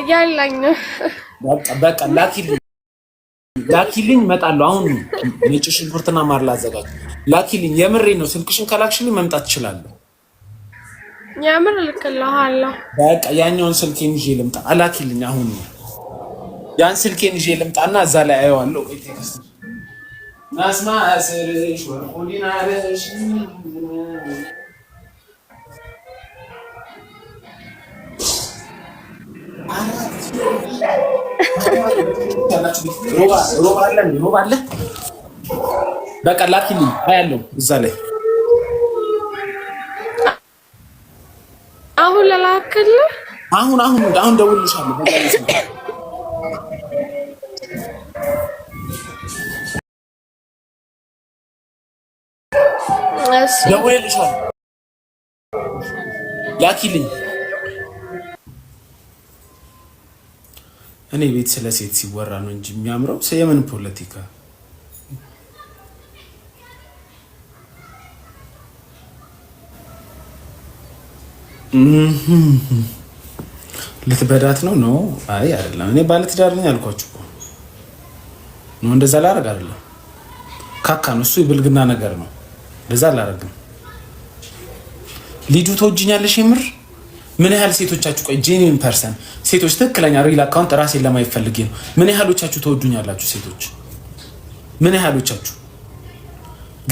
እያላኝ ነው። በቃ ላኪልኝ ላኪልኝ እመጣለሁ። አሁን ነጭ ሽንኩርትና ማር ላዘጋጅ። ላኪልኝ፣ የምሬ ነው። ስልክሽን ከላክሽልኝ መምጣት እችላለሁ። የምር እልክልሃለሁ። በቃ ያኛውን ስልኬን ይዤ ልምጣ። ላኪልኝ አሁን ያን ስልኬን ይዤ ልምጣና እዛ ላይ አየዋለሁ። ናስማ ስርሽ ወርቁሊናረሽ ሮብ አለ። በቃ ላኪልኝ አያለው እዛ ላይ አሁን ለላክልህ አሁን አሁን አሁን ደውልልሻለሁ። ደውልልሻለሁ። ላኪልኝ እኔ ቤት ስለ ሴት ሲወራ ነው እንጂ የሚያምረው የምን ፖለቲካ ልትበዳት ነው ነው? አይ አይደለም። እኔ ባለትዳር ነኝ አልኳችሁ ነው። እንደዛ ላረግ አይደለም። ካካ ነው እሱ፣ የብልግና ነገር ነው። እንደዛ አላረግም። ልጁ ተወጅኛለሽ የምር ምን ያህል ሴቶቻችሁ ቆይ ጄኒን ፐርሰን ሴቶች ትክክለኛ ሪል አካውንት ራሴን ለማይፈልግ ነው። ምን ያህሎቻችሁ ተወዱኛላችሁ ሴቶች? ምን ያህሎቻችሁ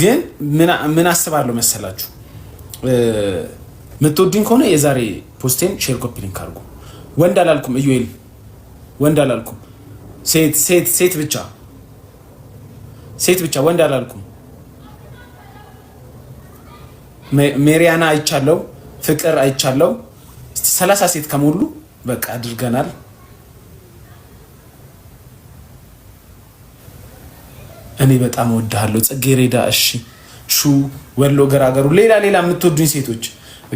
ግን ምን አስባለሁ መሰላችሁ? የምትወዱኝ ከሆነ የዛሬ ፖስቴን ሼር ኮፒ ሊንክ አድርጉ። ወንድ አላልኩም፣ እዩኤል ወንድ አላልኩም፣ ሴት ሴት ሴት ብቻ ሴት ብቻ ወንድ አላልኩም። ሜሪያና አይቻለው፣ ፍቅር አይቻለው ሰላሳ ሴት ከሞሉ በቃ አድርገናል። እኔ በጣም እወድሃለሁ ጽጌሬዳ። እሺ ሹ ወሎ ገራገሩ፣ ሌላ ሌላ የምትወዱኝ ሴቶች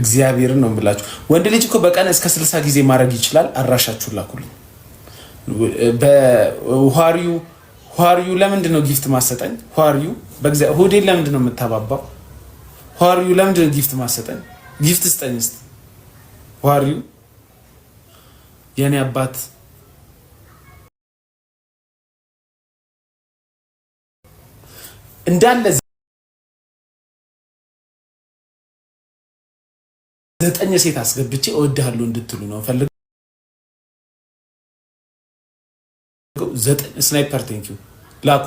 እግዚአብሔርን ነው ብላችሁ። ወንድ ልጅ እኮ በቀን እስከ ስልሳ ጊዜ ማድረግ ይችላል። አድራሻችሁ ላኩልኝ። በዋሪው ዋሪው ለምንድን ነው ጊፍት ማሰጠኝ? ዋሪው ሆዴን ለምንድን ነው የምታባባው? ዋሪው ለምንድን ነው ጊፍት ማሰጠኝ? ጊፍት ስጠኝ ስ ዋሪው የኔ አባት እንዳለ ዘጠኝ ሴት አስገብቼ እወድሃለሁ እንድትሉ ነው ፈልገው። ዘጠኝ ስናይፐር ቴንኪው ላኩ።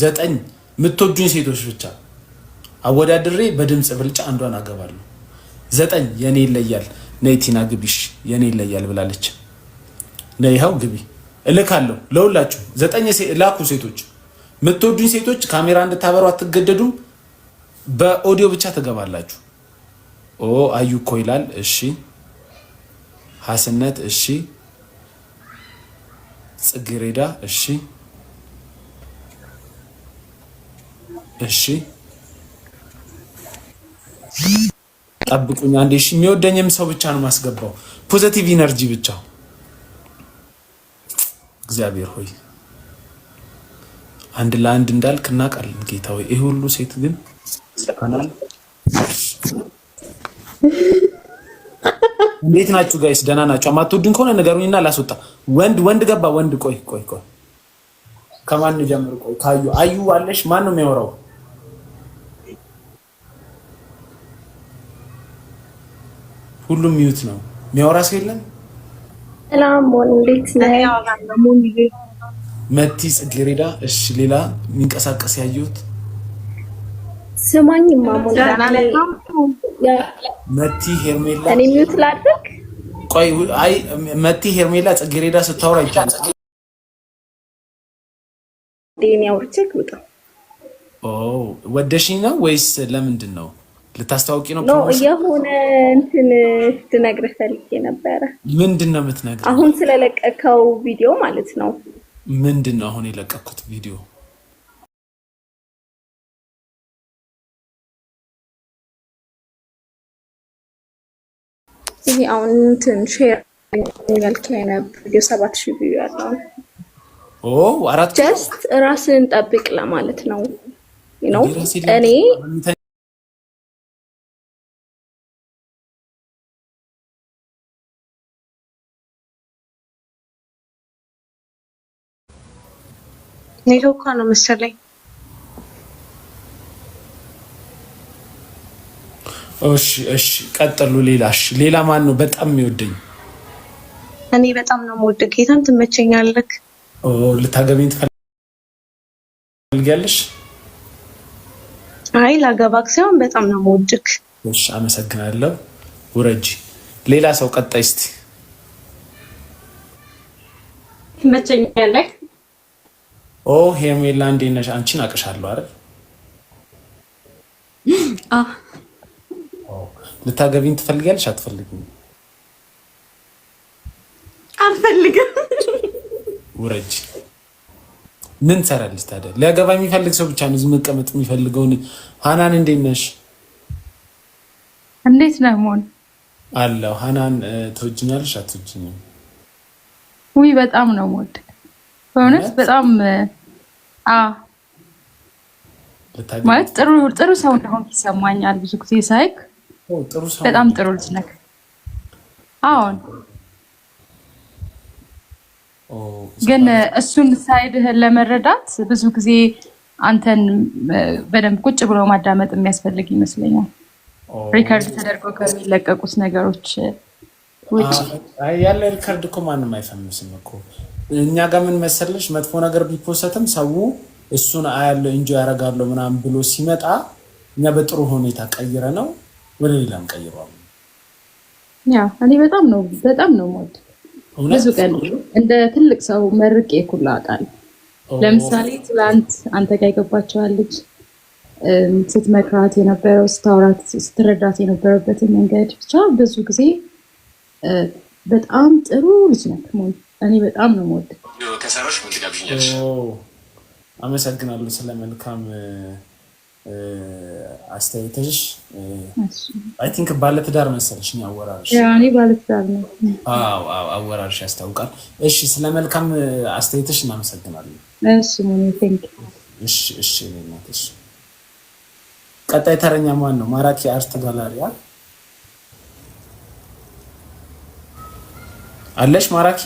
ዘጠኝ የምትወዱኝ ሴቶች ብቻ አወዳድሬ በድምፅ ብልጫ አንዷን አገባለሁ። ዘጠኝ የኔ ይለያል። ነይቲና ግቢሽ የኔ ይለያል ብላለች። ይኸው ግቢ እልካለሁ ለሁላችሁ ዘጠኝ ላኩ። ሴቶች የምትወዱኝ ሴቶች ካሜራ እንድታበሩ አትገደዱም። በኦዲዮ ብቻ ትገባላችሁ። ኦ አዩ እኮ ይላል። እሺ ሀስነት፣ እሺ ጽጌሬዳ፣ እሺ እሺ ጠብቁኝ አንዴ እሺ። የሚወደኝም ሰው ብቻ ነው ማስገባው። ፖዘቲቭ ኢነርጂ ብቻ። እግዚአብሔር ሆይ አንድ ለአንድ እንዳልክ እናውቃለን። ጌታ ሆይ ይህ ሁሉ ሴት ግን እንዴት ናችሁ ጋይስ? ደህና ናችሁ? አማትወዱኝ ከሆነ ነገሩኝና ላስወጣ። ወንድ ወንድ ገባ ወንድ። ቆይ ቆይ ቆይ፣ ከማን ጀምር? ቆይ ካዩ አዩ አለሽ። ማን ነው የሚያወራው? ሁሉም ሚዩት ነው። የሚያወራ ሰው የለም። መቲ ጽጌሬዳ። እሺ፣ ሌላ የሚንቀሳቀስ ያየሁት ስማኝ፣ መቲ ሄርሜላ። እኔ ሚዩት ላድርግ። ቆይ፣ አይ መቲ ሄርሜላ ጽጌሬዳ ስታወራ ይቻላል። ወደሽኝ ነው ወይስ ለምንድን ነው? ልታስተዋውቂ ነው? የሆነ እንትን ስትነግርህ ፈልጌ ነበረ። ምንድን ነው የምትነግረው? አሁን ስለለቀቀው ቪዲዮ ማለት ነው። ምንድን ነው አሁን የለቀኩት ቪዲዮ? ይህ አሁን እንትን ሼር ያልከኝ ነበር። ቪዲዮ ሰባት ሺህ ቪዩ ያለው ጀስት ራስን ጠብቅ ለማለት ነው ነው እኔ ኔትወርኳ ነው መሰለኝ። እሺ እሺ፣ ቀጥሉ። ሌላ እሺ፣ ሌላ ማን ነው በጣም የሚወደኝ? እኔ በጣም ነው የምወደው። ጌታን ትመቸኛለህ። ልታገቢኝ ትፈልጊያለሽ? አይ ላገባክ ሳይሆን በጣም ነው የምወደው። እሺ፣ አመሰግናለሁ። ውረጂ። ሌላ ሰው ቀጣይ እስቲ ትመቸኛለህ ኦ ሄርሜላ እንዴት ነሽ? አንቺን አቅሻለሁ አይደል? ልታገቢኝ ትፈልጊያለሽ? አትፈልግም? አልፈልግም። ውረጅ። ምን ትሰራለች ታዲያ? ሊያገባ የሚፈልግ ሰው ብቻ ነው መቀመጥ የሚፈልገውን። ሀናን እንዴት ነሽ? እንዴት ነው መሆን አለው ሀናን፣ ትወጅኛለሽ? አትወጅኝም? ውይ በጣም ነው የምወድ በእውነት በጣም ማለት ጥሩ ጥሩ ሰው እንደሆን ይሰማኛል። ብዙ ጊዜ ሳይክ በጣም ጥሩ ልጅ ነህ። አሁን ግን እሱን ሳይድህን ለመረዳት ብዙ ጊዜ አንተን በደንብ ቁጭ ብሎ ማዳመጥ የሚያስፈልግ ይመስለኛል። ሪከርድ ተደርጎ ከሚለቀቁት ነገሮች ውጭ ያለ ሪከርድ እኮ ማንም አይፈምስም እኮ እኛ ጋር ምን መሰለሽ መጥፎ ነገር ቢፖሰትም ሰው እሱን አያለው እንጂ ያደርጋለሁ ምናምን ብሎ ሲመጣ እኛ በጥሩ ሁኔታ ቀይረ ነው ወደ ሌላም ቀይሯል። ያው እኔ በጣም ነው በጣም ነው ሞድ ብዙ ቀን እንደ ትልቅ ሰው መርቄ ኩላ አውቃለሁ። ለምሳሌ ትላንት አንተ ጋር የገባችኋል ልጅ ስትመክራት የነበረው ስታውራት ስትረዳት የነበረበትን መንገድ ብቻ ብዙ ጊዜ በጣም ጥሩ ልጅ ነበር። እኔ በጣም ነው ወደ ከሰራሽ ምን ትጋብዥኛለሽ? አመሰግናለሁ ስለ መልካም አስተያየትሽ። አይ ቲንክ ባለትዳር መሰለሽ አወራርሽ። እኔ ባለትዳር ነው አወራርሽ ያስታውቃል። እሺ ስለ መልካም አስተያየትሽ እናመሰግናለን። እሺ እሺ። ቀጣይ ተረኛ ማን ነው? ማራኪ አርት ጋላሪያ አለሽ ማራኪ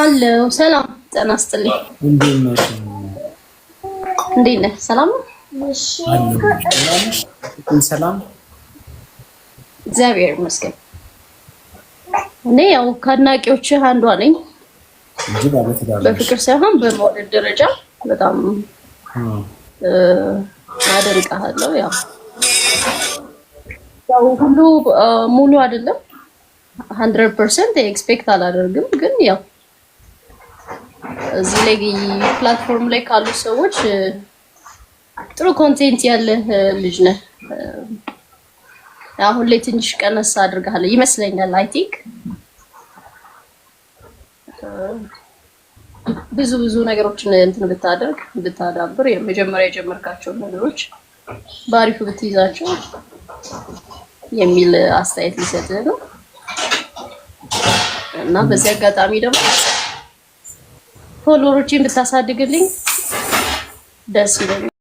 አለው ሰላም ጤና ይስጥልኝ። እንዴት ነሽ? እንዴት ነህ? ሰላም ሰላም፣ እግዚአብሔር ይመስገን። እኔ ያው ከአድናቂዎችህ አንዷ ነኝ በፍቅር ሳይሆን በመውደድ ደረጃ በጣም አደንቃለሁ። ያው ያው ሁሉ ሙሉ አይደለም፣ 100% ኤክስፔክት አላደርግም ግን ያው እዚህ ላይ ፕላትፎርም ላይ ካሉ ሰዎች ጥሩ ኮንቴንት ያለ ልጅ ነህ። አሁን ላይ ትንሽ ቀነስ አድርገሃል ይመስለኛል። አይ ቲንክ ብዙ ብዙ ነገሮችን እንትን ብታደርግ ብታዳብር፣ የመጀመሪያ የጀመርካቸውን ነገሮች በአሪፉ ብትይዛቸው የሚል አስተያየት ሊሰጥህ ነው እና በዚህ አጋጣሚ ደግሞ ፎሎሮችን ብታሳድግልኝ ደስ ይለኛል።